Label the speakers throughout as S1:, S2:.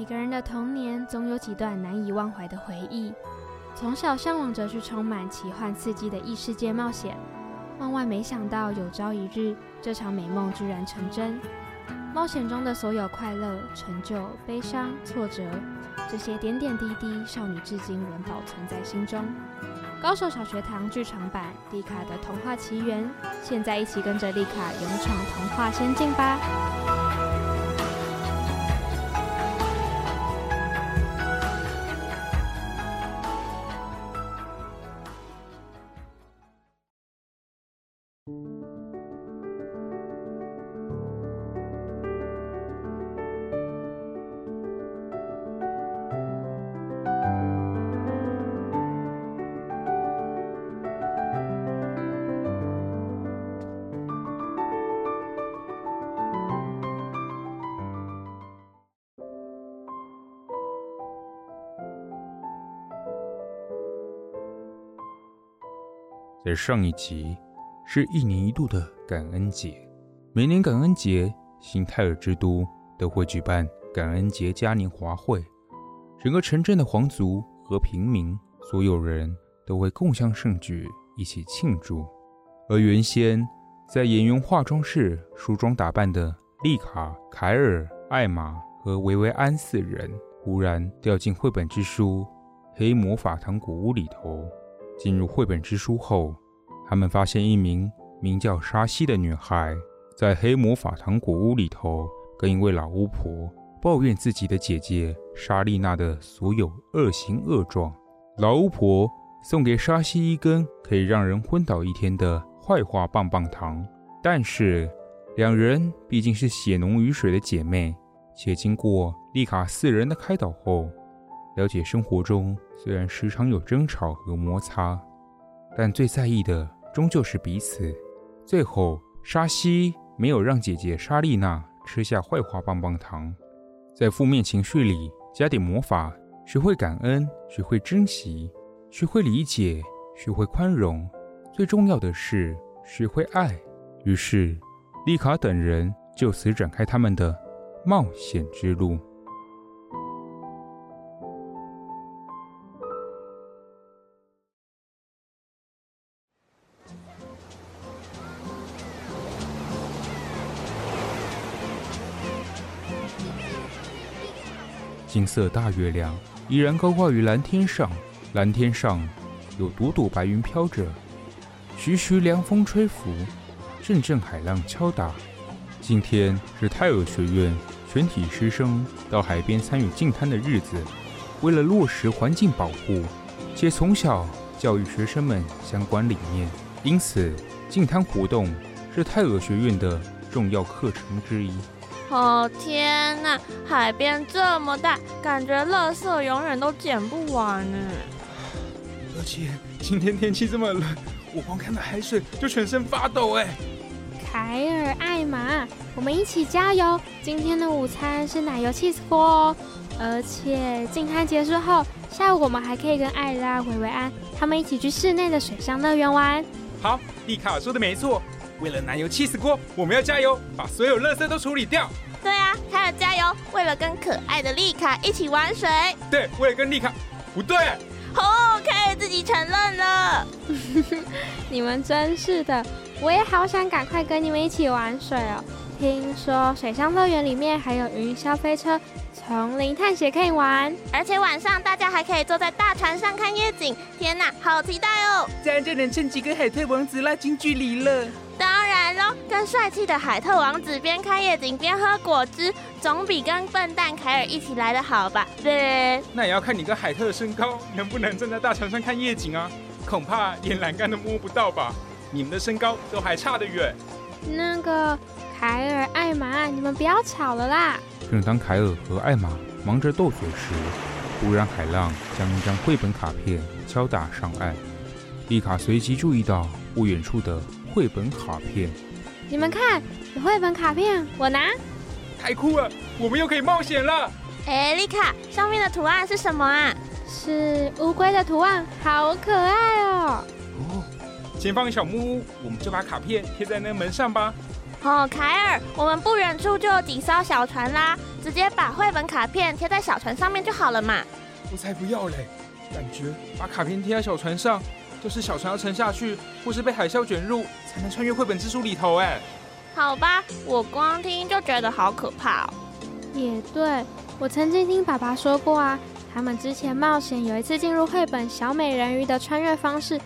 S1: 每個人的童年總有幾段難以忘懷的回憶，從小向往着去充滿奇幻刺激的異世界冒險，萬萬沒想到有朝一日這場美夢居然成真。冒險中的所有快樂、成就、悲傷、挫折，這些點點滴滴，少女至今仍保存在心中。《高手小學堂》劇場版《麗卡的童話奇緣》，現在一起跟着麗卡勇闖童話仙境吧。
S2: 而上一集是一年一度的感恩節，每年感恩節，新泰爾之都都會舉辦感恩節嘉年華會，整個城鎮的皇族和平民，所有人都會共襄盛舉，一起慶祝。而原先在演員化妝室梳妝打扮的麗卡、凱爾、艾瑪和維維安四人，忽然掉進繪本之書《黑魔法糖果屋》裡頭。進入繪本之書後，他們發現一名名叫沙西的女孩，在黑魔法糖果屋裡頭，跟一位老巫婆抱怨自己的姐姐沙麗娜的所有惡行惡狀。老巫婆送給沙西一根可以讓人昏倒一天的壞話棒棒糖，但是兩人畢竟是血濃於水的姐妹，且經過麗卡四人的開導後。了解生活中雖然時常有爭吵和摩擦，但最在意的終究是彼此。最後，沙西沒有讓姐姐莎莉娜吃下壞話棒棒糖，在負面情緒裡加點魔法，學會感恩，學會珍惜，學會理解，學會寬容，最重要的是學會愛。於是，麗卡等人就此展開他們的冒險之路。金色大月亮依然高掛於藍天上，藍天上有朵朵白雲飄着，徐徐涼風吹拂，陣陣海浪敲打。今天是泰爾學院全體師生到海邊參與淨灘的日子。為了落實環境保護，且從小教育學生們相關理念，因此淨灘活動是泰爾學院的重要課程之一。
S3: 哦、oh, 天哪，海邊這麼大，感覺垃圾永遠都撿不完呢。
S2: 而且今天天氣這麼冷，我光看到海水就全身發抖哎。
S3: 凱爾、艾瑪，
S1: 我們一起加油！今天的午餐是奶油 cheese、哦、而且進餐結束後，下午我們還可以跟艾拉、維維安他們一起去室內的水
S3: 上樂園玩。
S2: 好，利卡說的沒錯。為了奶油起司鍋，我們要加油，把所有垃圾都處理掉。
S3: 對啊，還要加油，為了跟可愛的麗卡一起玩水。
S2: 對，為了跟麗卡。不對。
S3: 哦，可以自己承認
S1: 了。 你們真是的，我也好想趕快跟你們一起玩水哦。
S3: 聽說水上樂園裡面還有雲霄飛車、叢林探險可以玩，而且晚上大家還可以坐在大船上看夜景。天哪，好期待哦！這樣就能趁機跟海
S2: 豚王子拉近距離了。
S3: 跟帥氣的海特王子邊看夜景邊喝果汁，總比跟笨蛋凱爾一起來的好吧？對，
S2: 那也要看你跟海特的身高能不能站在大船上看夜景啊，恐怕連欄杆都摸不到吧？你們的身高都還差得遠。
S1: 那個凱爾、艾瑪，你們不要吵了啦！
S2: 正當凱爾和艾瑪忙着鬥嘴時，忽然海浪將一張繪本卡片敲打上岸，麗卡隨即注意到不遠處的繪本卡片。
S1: 你們看，有繪本
S2: 卡
S3: 片，我拿。
S2: 太酷了，我們又可以冒險了。
S3: 哎，麗卡，上面的圖案是什麼啊？是烏龜的圖案，好可愛哦。哦，
S2: 前方個小木屋，我們就把卡片貼在那門上吧。
S3: 哦，凱爾，我們不遠處就有幾艘小船啦，直接把繪本卡片貼在小船上面就好了嘛。
S2: 我才不要嘞，感覺把卡片貼在小船上，就是小船要沉下去，或是被海嘯捲入，才能穿越繪本之書裡頭。哎，
S3: 好吧，我光聽就覺得好可怕哦。也對，我曾經聽爸爸說
S1: 過啊，他們之前冒險有一次進入繪本《小美人魚》的穿越方式，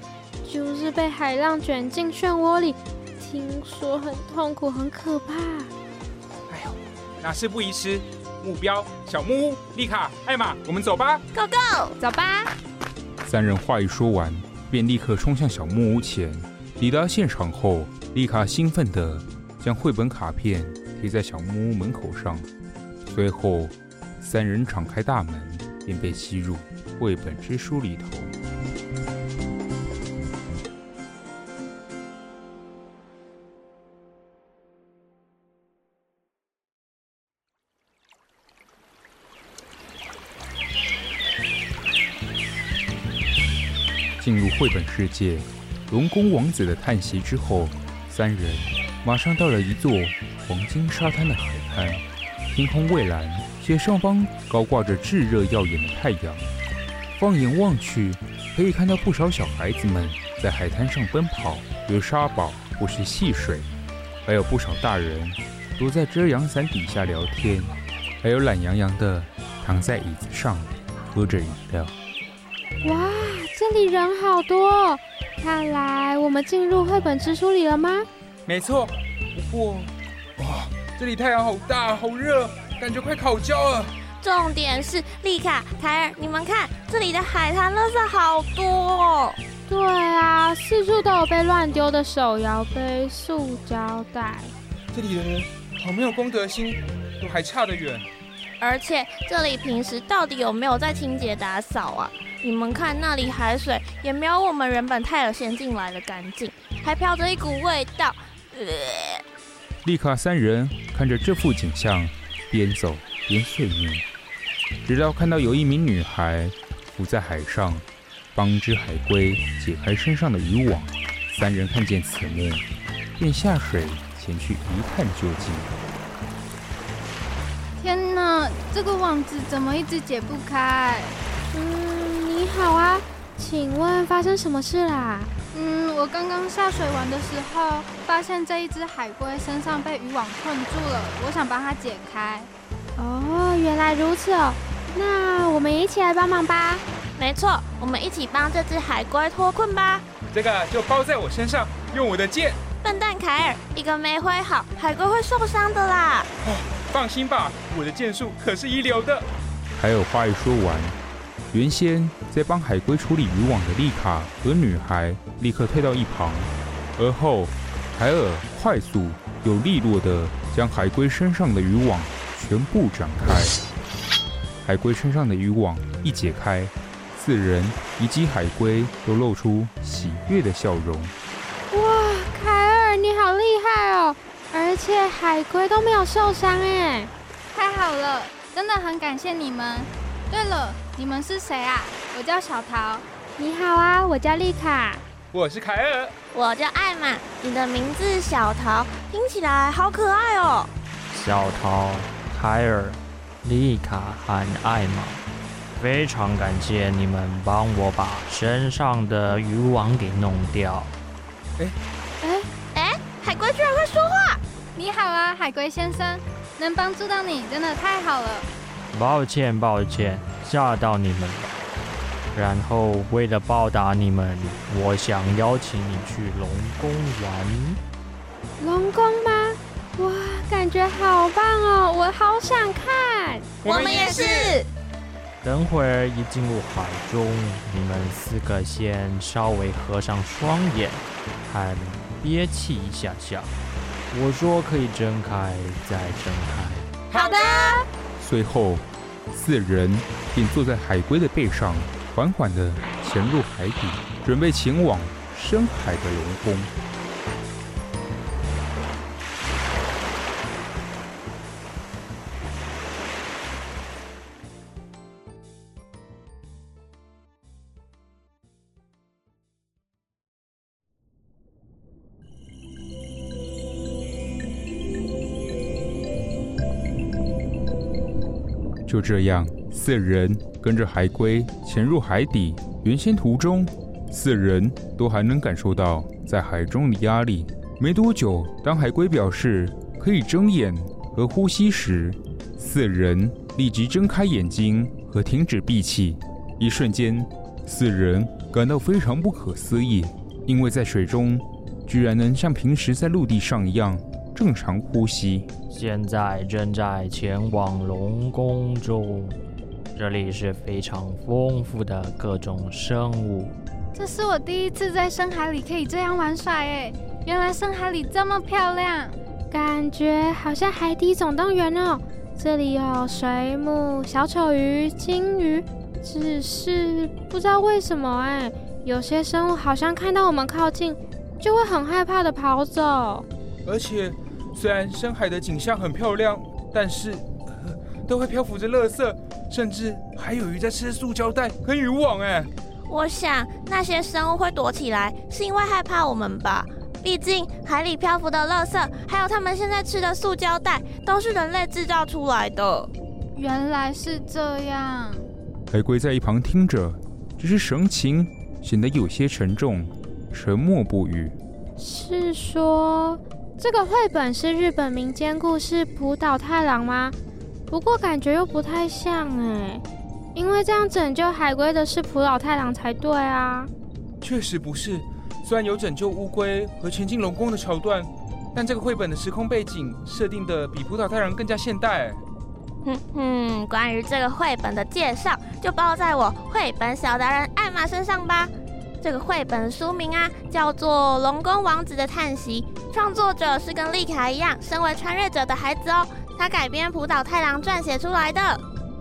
S1: 就是被海浪捲進漩渦裡，聽說很痛苦，很可怕。
S2: 哎呦，那事不宜遲，目標小木屋，麗卡、艾瑪，我們走吧。Go go，走吧。三人話一說完，便立刻衝向小木屋前。抵達現場後，麗卡興奮地將繪本卡片貼在小木屋門口上。隨後，三人敞開大門，便被吸入繪本之書裡頭。進入繪本世界《龍宮王子的嘆息》之後，三人馬上到了一座黃金沙灘的海灘。天空蔚藍，且上方高掛着炙熱耀眼的太陽。放眼望去，可以看到不少小孩子們在海灘上奔跑，有沙堡，或是戲水，還有不少大人躲在遮陽傘底下聊天，還有懶洋洋地躺在椅子上喝着飲料。
S1: 哇！這裡人好多哦，看來我們進入繪本之書裡了嗎？
S2: 沒錯，不過，哇，這裡太陽好大，好熱，感覺快烤焦了。
S3: 重點是，麗卡、泰爾，你們看，這裡的海灘垃圾好多哦。對啊，
S1: 四處都有被亂丟的手搖杯、塑膠袋。
S2: 這裡的人好沒有公德心，都還差得遠。
S3: 而且這裡平時到底有沒有在清潔打掃啊？你們看，那裡海水也沒有我們原本泰爾仙境來的乾淨，還飄着一股味道。呃、
S2: 麗卡三人看着這副景象，邊走邊碎念，直到看到有一名女孩浮在海上，幫只海龜解開身上的漁網。三人看見此幕，便下水前去一探究竟。
S1: 天哪，這個網子怎麼一直解不開？嗯你好啊，請問發生什麼事啦啊？嗯，我剛剛下水玩的時候，發現這一隻海龜身上被漁網
S3: 困住了，我想幫它剪開。
S1: 哦，原來如此哦，那
S3: 我們一起來幫忙吧。沒錯，我們一起幫這隻海龜脫困吧。
S2: 這個就包在我身上，用我的劍。
S3: 笨蛋凱爾，一個沒揮好，海龜會受
S2: 傷的啦。哦，放心吧，我的劍術可是一流的。還有話未說完。原先在幫海龜處理漁網的麗卡和女孩立刻退到一旁，而後凱爾快速又利落地將海龜身上的漁網全部展開。海龜身上的漁網一解開，四人以及海龜都露出喜悅的笑容。
S1: 哇，凱爾你好厲害哦！而且海龜都沒有受傷哎，太好了，真的很感謝你們。對
S3: 了。你們是誰啊？我叫小桃。你好啊，我叫麗卡。
S2: 我是凱爾。
S3: 我叫艾瑪。你的名字是小桃，聽起來好可愛哦。
S4: 小桃、凱爾、麗卡和艾瑪，非常感謝你們幫我把身上的漁網給弄掉。
S3: 哎哎哎！海龜居然會說話！你好啊，
S1: 海龜先生，能幫助到你真的太好了。
S4: 抱歉，抱歉。嚇到你們，然後為了報答你們，我想邀請你去龍宮玩。
S1: 龍宮嗎？哇，感覺好棒哦！我好想看。我們也是。
S4: 等會兒一進入海中，你們四個先稍微合上雙眼，看憋氣一下下。我說可以睜開，
S2: 再睜開。好的。隨後。四人便坐在海龜的背上，緩緩地潛入海底，準備前往深海的龍宮。就這樣，四人跟着海龜潛入海底。原先途中，四人都還能感受到在海中的壓力。沒多久，當海龜表示可以睜眼和呼吸時，四人立即睜開眼睛和停止閉氣。一瞬間，四人感到非常不可思議，因為在水中，居然能像平時在陸地上一樣。正常呼吸。
S4: 現在正在前往龍宮中，這裡是非常豐富的各種生物。
S1: 這是我第一次在深海裡可以這樣玩耍誒，原來深海裡這麼漂亮，感覺好像海底總動員哦。這裡有水母、小丑魚、鯨魚，只是不知道為什麼誒，有些生物好像看到我們靠近就會很害怕的跑走，
S2: 而且。雖然深海的景象很漂亮，但是、呃、都會漂浮着垃圾，甚至還有魚在吃的塑膠袋和漁網哎。
S3: 我想那些生物會躲起來，是因為害怕我們吧？畢竟海裡漂浮的垃圾還有他們現在吃的塑膠袋，都是人類製造出來的。原
S1: 來是這樣。
S2: 海龜在一旁聽着，只是神情顯得有些沉重，沉默不語。
S1: 是說，這個繪本是日本民間故事浦島太郎嗎？不過感覺又不太像哎，因為這樣拯救海龜的是浦島太郎才對啊。
S2: 確實不是，雖然有拯救烏龜和前進龍宮的橋段，但這個繪本的時空背景設定的比浦島太郎更加現代。
S3: 哼哼、嗯嗯，關於這個繪本的介紹，就包在我繪本小達人艾瑪身上吧。這個繪本書名啊，叫做《龍宮王子的嘆息》，創作者是跟麗卡一樣，身為穿越者的孩子哦。他改編浦島太郎撰寫出來的。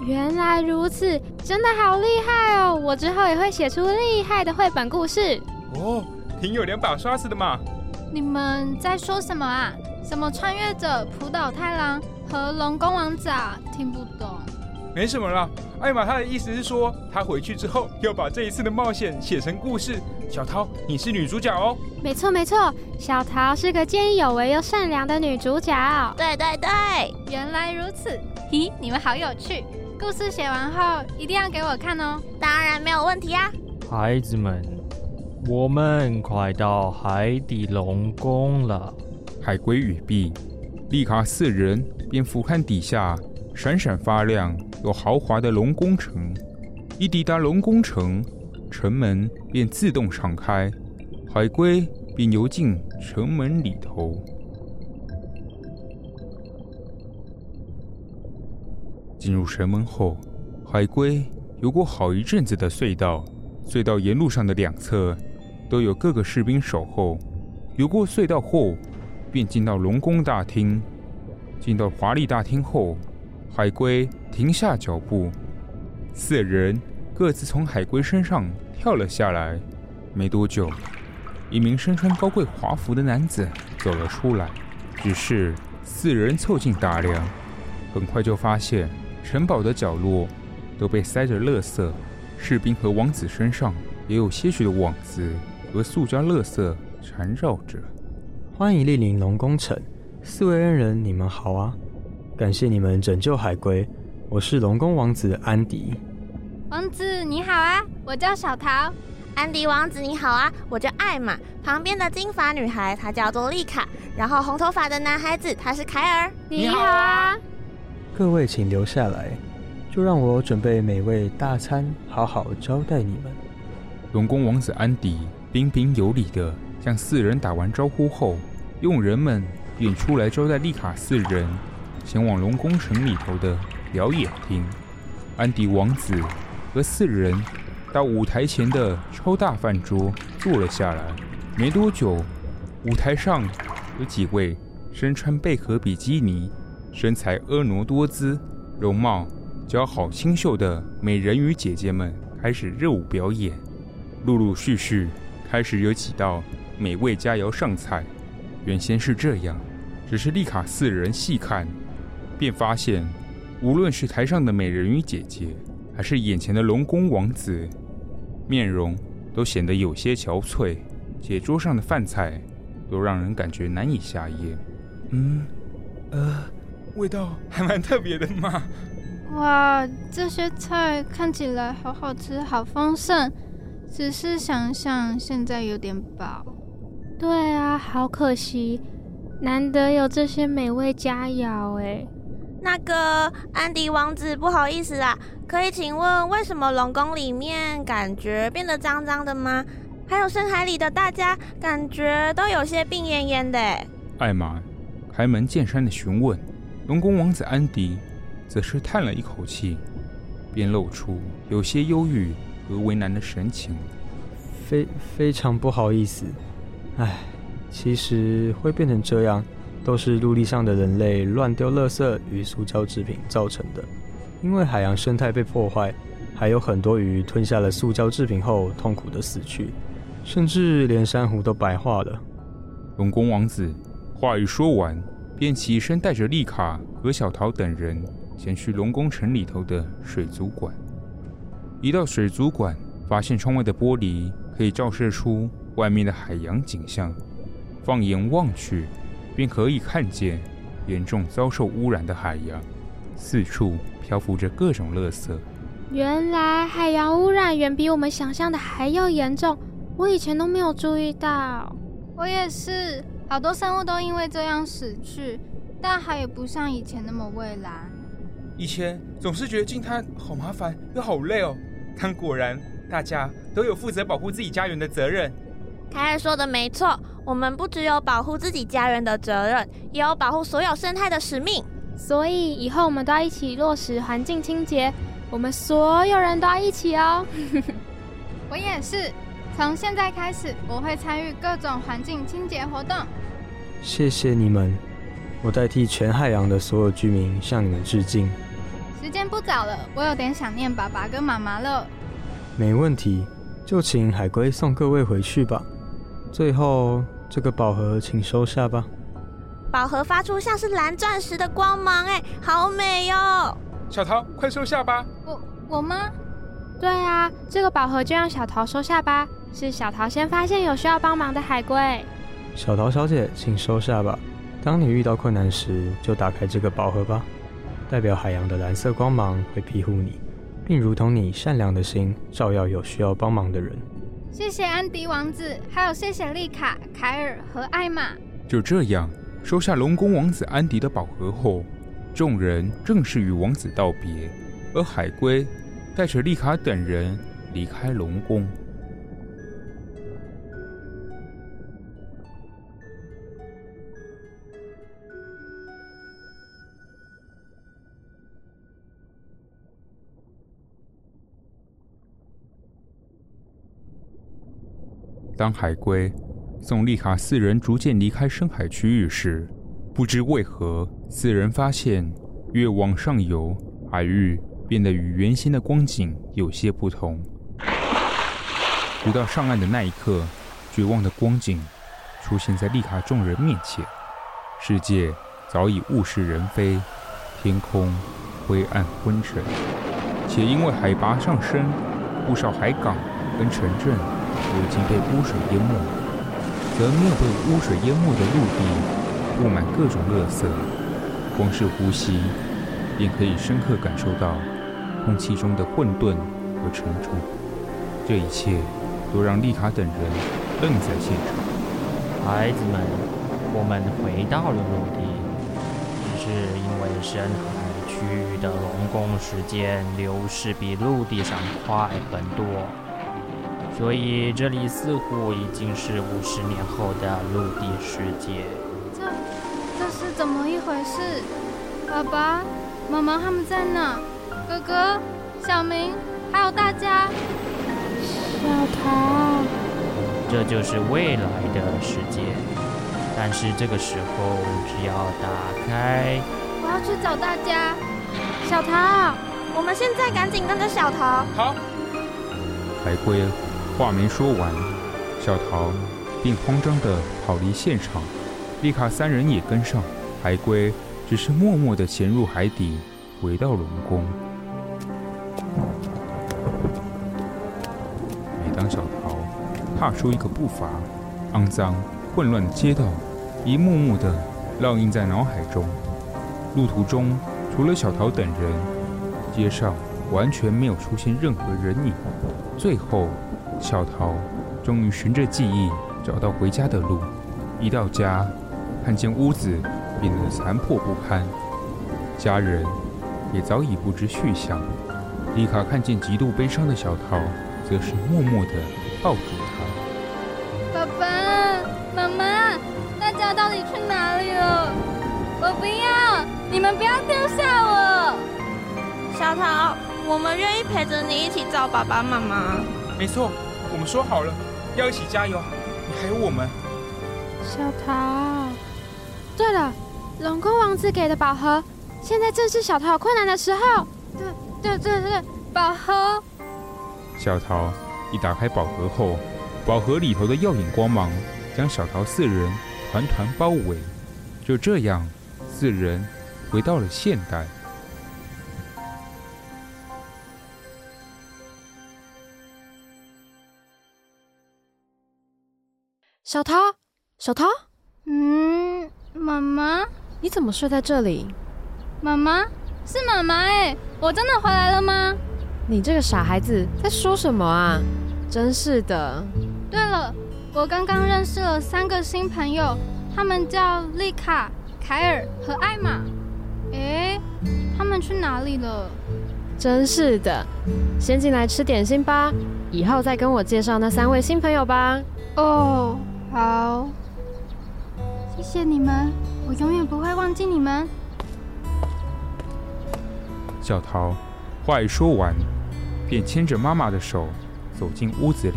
S3: 原來如此，真的好厲害哦！我之後也會寫出厲害的繪本故事。
S2: 哦，挺有兩把刷子的嘛。
S1: 你們在說什麼啊？什麼穿越者、浦島太郎和龍宮王子啊？聽不懂。
S2: 沒什麼啦，艾瑪她的意思是說，她回去之後要把這一次的冒險寫成故事。小桃，你是女主角哦。
S1: 沒錯沒錯，小桃是個見義勇為又善良的女主角哦。對對對，原來如此。咦，你們好有趣。故事寫完後，一定要
S3: 給我看哦。當然沒有問題啊。
S4: 孩子們，我們快
S2: 到海底龍宮了。海龜與碧麗卡四人便俯瞰底下。閃閃發亮又豪華的龍宮城，一抵達龍宮城，城門便自動敞開，海龜便游進城門裡頭。進入城門後，海龜游過好一陣子的隧道，隧道沿路上的兩側都有各個士兵守候。游過隧道後，便進到龍宮大廳。進到華麗大廳後。海龜停下腳步，四人各自從海龜身上跳了下來。沒多久，一名身穿高貴華服的男子走了出來。只是四人湊近打量，很快就發現城堡的角落都被塞着垃圾，士兵和王子身上也有些許的網子和塑膠垃圾纏繞着。歡迎蒞臨
S5: 龍宮城，四位恩人，人，你們好啊。感謝你們拯救海龜，我是龍宮王子安迪。
S3: 王子你好啊，我叫小桃。安迪王子你好啊，我叫艾瑪。旁邊的金髮女孩她叫做麗卡，然後紅頭髮的男孩子他是凱爾。
S5: 你好啊，各位請留下來，就讓我準備美味大
S2: 餐，好好招待你們。龍宮王子安迪彬彬有禮地向四人打完招呼後，傭人們便出來招待麗卡四人。前往龍宮城裡頭的表演廳，安迪王子和四人到舞台前的超大飯桌坐了下來。沒多久，舞台上有幾位身穿貝殼比基尼、身材婀娜多姿、容貌姣好清秀的美人魚姐姐們開始熱舞表演。陸陸續續開始有幾道美味佳餚上菜。原先是這樣，只是麗卡四人細看。便發現，無論是台上的美人魚姐姐，還是眼前的龍宮王子，面容都顯得有些憔悴，且桌上的飯菜都讓人感覺難以下嚥。嗯，呃，味道還蠻特別的嘛。
S1: 哇，這些菜看起來好好吃，好豐盛。只是想想，現在有點飽。對啊，好可惜，難得有這些美味佳
S3: 肴誒。那個安迪王子，不好意思啦，啊，可以請問為什麼龍宮裡面感覺變得髒髒的嗎？還有深海裡的大家感覺都有些病懨懨的。
S2: 艾瑪開門見山的詢問，龍宮王子安迪則是嘆了一口氣，便露出有些憂鬱和為難的神情。非非常不好意思，
S5: 唉，其實會變成這樣。都是陸地上的人類亂丟垃圾與塑膠製品造成的。因為海洋生態被破壞，還有很多魚吞下了塑膠製品後痛苦地死去，甚至連珊瑚
S2: 都白化了。龍宮王子話一說完，便起身帶着麗卡和小桃等人前去龍宮城裡頭的水族館。一到水族館，發現窗外的玻璃可以照射出外面的海洋景象，放眼望去，便可以看見嚴重遭受汙染的海洋，四處漂浮着各種垃圾。
S1: 原來海洋汙染遠比我們想象的還要嚴重，我以前都沒有注意到。我也是，好多生物都因為這樣死去，大海也不像以前那麼蔚藍。
S2: 以前總是覺得淨灘好麻煩，又好累哦。但果然，大家都有負責保護自己家園的責任。
S3: 凱爾說的沒錯，我們不只有保護自己家人的責任，也有保護所有生態的使命。所以以後我們都要一起落實環境清潔，我們所有人
S1: 都要一起哦。 我也是，從現在開始我會參與各種環境清潔活動。
S5: 謝謝你們，我代替全海洋的所有居民向你們致敬。
S1: 時間不早了，我有點想念爸爸跟媽
S3: 媽了。
S5: 沒問題，就請海龜送各位回去吧。最後，這個寶盒請收下吧。
S3: 寶盒發出像是藍鑽石的光芒。欸，哎，好美喲，喔！
S2: 小桃，快收下吧。
S3: 我我嗎？
S1: 對啊，這個寶盒就讓小桃收下吧。是小桃先發現有需要幫忙的海龜。
S5: 小桃小姐，請收下吧。當你遇到困難時，就打開這個寶盒吧。代表海洋的藍色光芒會庇護你，並如同你
S2: 善良的心照耀有需要幫忙的人。
S1: 謝謝安迪王子，還有謝謝麗卡、凱爾和艾瑪。
S2: 就這樣，收下龍宮王子安迪的寶盒後，眾人正式與王子道別，而海龜帶着麗卡等人離開龍宮。當海龜送麗卡四人逐漸離開深海區域時，不知為何，四人發現越往上游，海域變得與原先的光景有些不同。直到上岸的那一刻，絕望的光景出現在麗卡眾人面前。世界早已物是人非，天空灰暗昏沉，且因為海拔上升，不少海港跟城鎮。已經被污水淹沒了，則面被污水淹沒的陸地佈滿各種垃圾，光是呼吸便可以深刻感受到空氣中的混沌和沉重。這一切都讓麗卡等人愣在現場。孩子們，我們回到了陸地，只是
S4: 因為深海區域的龍宮時間流逝比陸地上快很多。所以這裡似乎已經是五十年後的陸地世界，嗯。
S1: 這這是怎麼一回事？爸爸、媽媽他們在哪？哥哥、小明，還有大家。小桃。嗯、
S4: 這就是未來的世界。但是這個時候，只要打開。
S3: 我要去找大家。小桃，我們現在趕緊跟着小桃。
S1: 好。
S2: 海龜、嗯。話沒說完，小桃便慌張的跑離現場，麗卡三人也跟上，海龜只是默默的潛入海底，回到龍宮。每當小桃踏出一個步伐，骯髒、混亂的街道，一幕幕的烙印在腦海中。路途中，除了小桃等人，街上，完全沒有出現任何人影。最後，小桃終於循着記憶找到回家的路。一到家，看見屋子變得殘破不堪，家人也早已不知去向。麗卡看見極度悲傷的小桃，則是默默地抱住她。
S1: 爸爸、媽媽，大家到底去哪裡了？我不要，
S3: 你們不要丟下我，小桃。我們願意陪着你一起
S2: 找爸爸媽媽。沒錯，我們說好了，要一起加油。你還有我們，
S1: 小桃。對了，龍宮王子給的寶盒，現在正是小桃有困難的時候。對對對對，寶盒。
S2: 小桃一打開寶盒後，寶盒裡頭的耀眼光芒將小桃四人團團包圍。就這樣，四人回到了現代。
S1: 小濤，小濤，嗯，媽媽，你怎麼睡在這裡？媽媽是媽媽哎，我真的回來了嗎？你這個傻孩子在說什麼啊？真是的。對了，我剛剛認識了三個新朋友，他們叫麗卡、凱爾和艾瑪。哎，他們去哪裡了？真是的，先進來吃點心吧，以後再跟我介紹那三位新朋友吧。哦。好，謝謝你們，我永遠不會忘記你們。
S2: 小桃話一說完，便牽着媽媽的手走進屋子裡。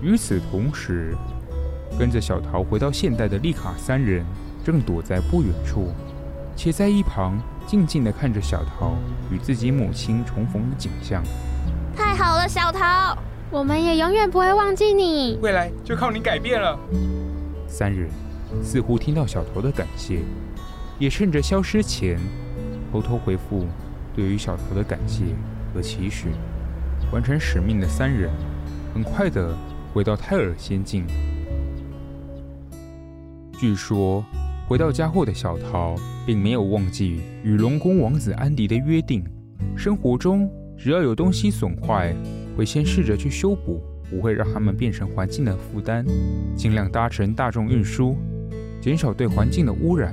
S2: 與此同時，跟着小桃回到現代的麗卡三人正躲在不遠處，且在一旁靜靜地看着小桃與自己母親重逢的景象。
S1: 太好了，小桃！我們也永遠不會忘記你。
S2: 未來就靠你改變了。三人似乎聽到小桃的感謝，也趁着消失前，偷偷回復對於小桃的感謝和期許。完成使命的三人，很快地回到泰爾仙境。據說回到家後的小桃，並沒有忘記與龍宮王子安迪的約定。生活中，只要有東西損壞，會先試着去修補，不會讓他們變成環境的負擔；盡量搭乘大眾運輸，減少對環境的污染；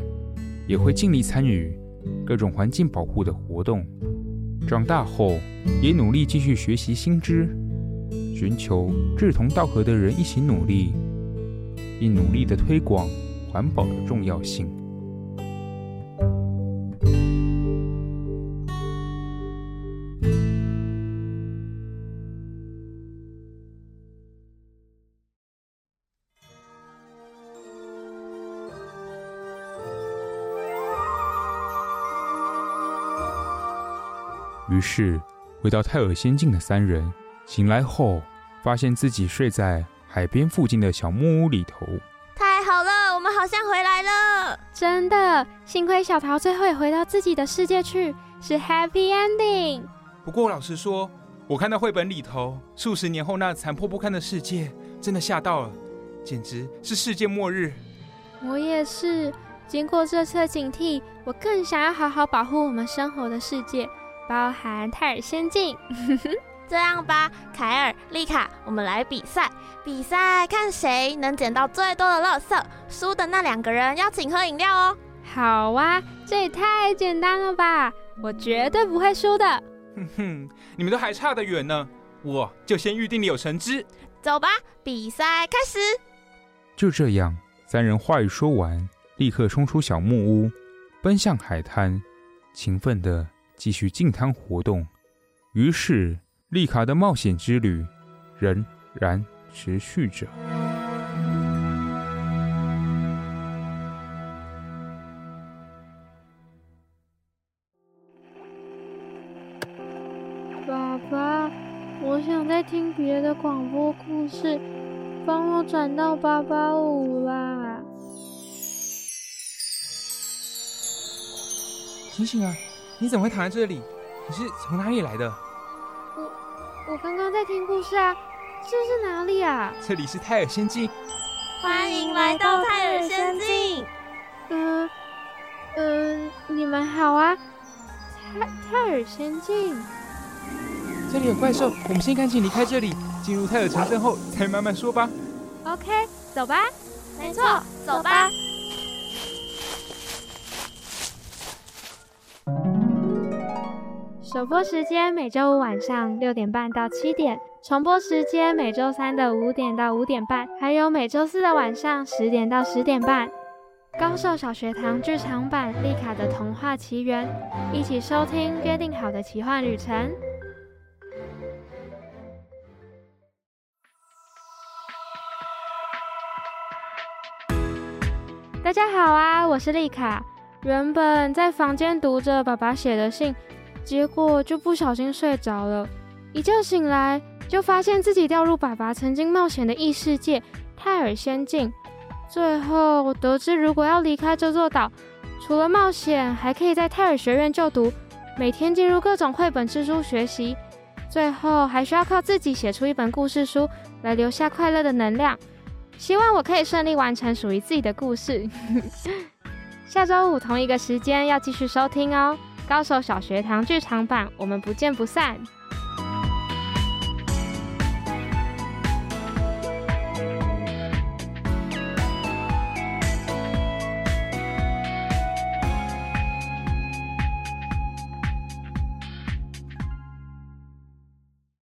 S2: 也會盡力參與各種環境保護的活動。長大後，也努力繼續學習新知，尋求志同道合的人一起努力，並努力的推廣環保的重要性。於是，回到泰爾仙境的三人醒來後，發現自己睡在海邊附近的小木屋裡頭。
S3: 太好了，我們好
S1: 像回來了。真的，幸虧小桃最後也回到自己的世界去，是 happy ending。
S2: 不過，老實說，我看到繪本裡頭數十年後那殘破不堪的世界，真的嚇到了，簡直是世界末日。
S1: 我也是，經過這次的警惕，我更想
S3: 要好好保護我們生活的世界。包含泰爾仙境， 這樣吧，凱爾、麗卡，我們來比賽，比賽看誰能撿到最多的垃圾，輸的那兩個人要請喝飲料哦。好啊，這也太簡單了吧！我絕對不會輸的。
S2: 哼哼，你們都還差得遠呢，我就先預定你有橙汁。
S3: 走吧，比賽開始。
S2: 就這樣，三人話一說完，立刻衝出小木屋，奔向海灘，勤奮地。繼續淨灘活動，於是麗卡的冒險之旅仍然持續着。
S1: 爸爸，我想再聽別的廣播故事，幫我轉到八八五啦。
S2: 醒醒啊！你怎麼會躺在這裡？你是從哪裡來的？
S1: 我我剛剛在聽故事啊。這是哪裡啊？
S2: 這裡是泰爾仙境。
S3: 歡迎來到泰爾仙
S1: 境。嗯嗯、呃呃，你們好啊。泰泰爾仙境。
S2: 這裡有怪獸，我們先趕緊離開這裡，進入泰爾城鎮後再慢慢說吧。
S1: OK，走吧。沒錯，走吧。首播時間每周五晚上六點半到七點，重播時間每周三的五點到五點半，還有每周四的晚上十點到十點半。高手小學堂劇場版《麗卡的童話奇緣》，一起收聽約定好的奇幻旅程。大家好啊，我是麗卡。原本在房間讀着爸爸寫的信。結果就不小心睡着了，一覺醒來就發現自己掉入爸爸曾經冒險的異世界泰爾仙境。最後我得知，如果要離開這座島，除了冒險，還可以在泰爾學院就讀，每天進入各種繪本之書學習。最後還需要靠自己寫出一本故事書來留下快樂的能量。希望我可以順利完成屬於自己的故事。 下周五同一個時間要繼續收聽哦。高手小學堂劇場版，我們不見不散。